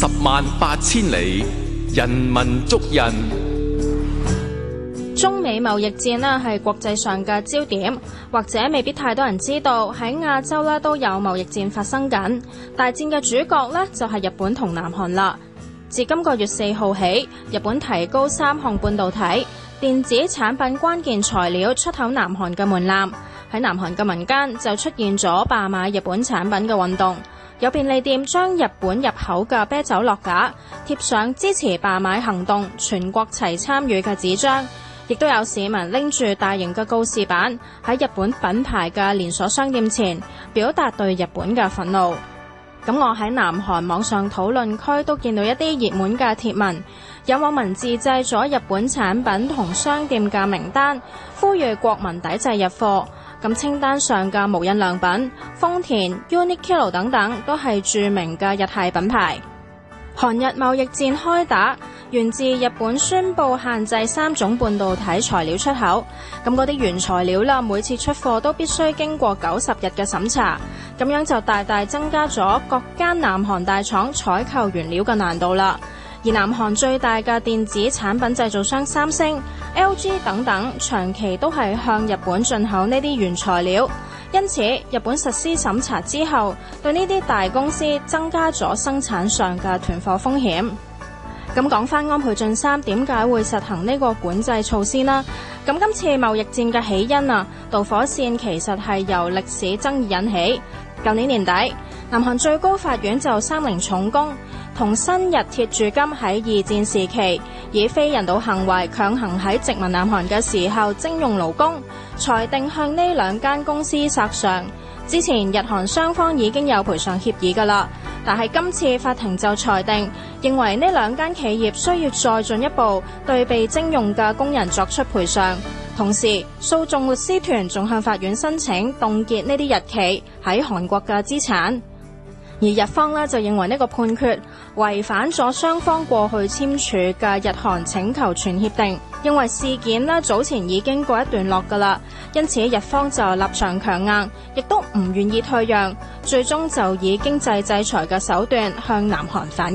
十萬八千里，人文足印。中美貿易戰咧係國際上嘅焦點，或者未必太多人知道喺亞洲咧都有貿易戰發生緊。大戰嘅主角咧就係日本同南韓啦。自今個月四號起，日本提高三項半導體、電子產品關鍵材料出口南韓嘅門檻，喺南韓嘅民間就出現咗罷買日本產品嘅運動。有便利店將日本入口嘅啤酒落架，貼上支持罷買行動、全國齊參與嘅紙張，亦都有市民拎住大型嘅告示板喺日本品牌嘅連鎖商店前，表達對日本嘅憤怒。咁我喺南韓網上討論區都見到一啲熱門嘅貼文，有網民自製咗日本產品同商店嘅名單，呼籲國民抵制日貨。咁，清單上嘅無印良品、豐田、Uniqlo 等等，都係著名嘅日系品牌。韓日貿易戰開打，源自日本宣布限制三種半導體材料出口。咁嗰啲原材料啦，每次出貨都必須經過九十日嘅審查，咁樣就大大增加咗各間南韓大廠採購原料嘅難度啦。而南韓最大嘅電子產品製造商三星、LG 等等，長期都係向日本進口呢啲原材料，因此日本實施審查之後，對呢啲大公司增加咗生產上嘅囤貨風險。咁講翻安倍晉三點解會實行呢個管制措施啦？咁今次貿易戰嘅起因啊，導火綫其實係由歷史爭議引起。舊年年底，南韓最高法院就三名重工同新日鐵住金喺二戰時期以非人道行為強行喺殖民南韓嘅時候徵用勞工，裁定向呢兩間公司索償。之前日韓雙方已經有賠償協議㗎喇，但係今次法庭就裁定認為呢兩間企業需要再進一步對被徵用嘅工人作出賠償。同時，訴訟律師團仲向法院申請凍結呢啲日企喺韓國嘅資產。而日方呢就認為呢個判決違反咗雙方過去簽署嘅日韓請求權協定，認為事件呢早前已經過一段落噶啦，因此日方就立場強硬，亦都唔願意退讓，最終就以經濟制裁嘅手段向南韓反擊。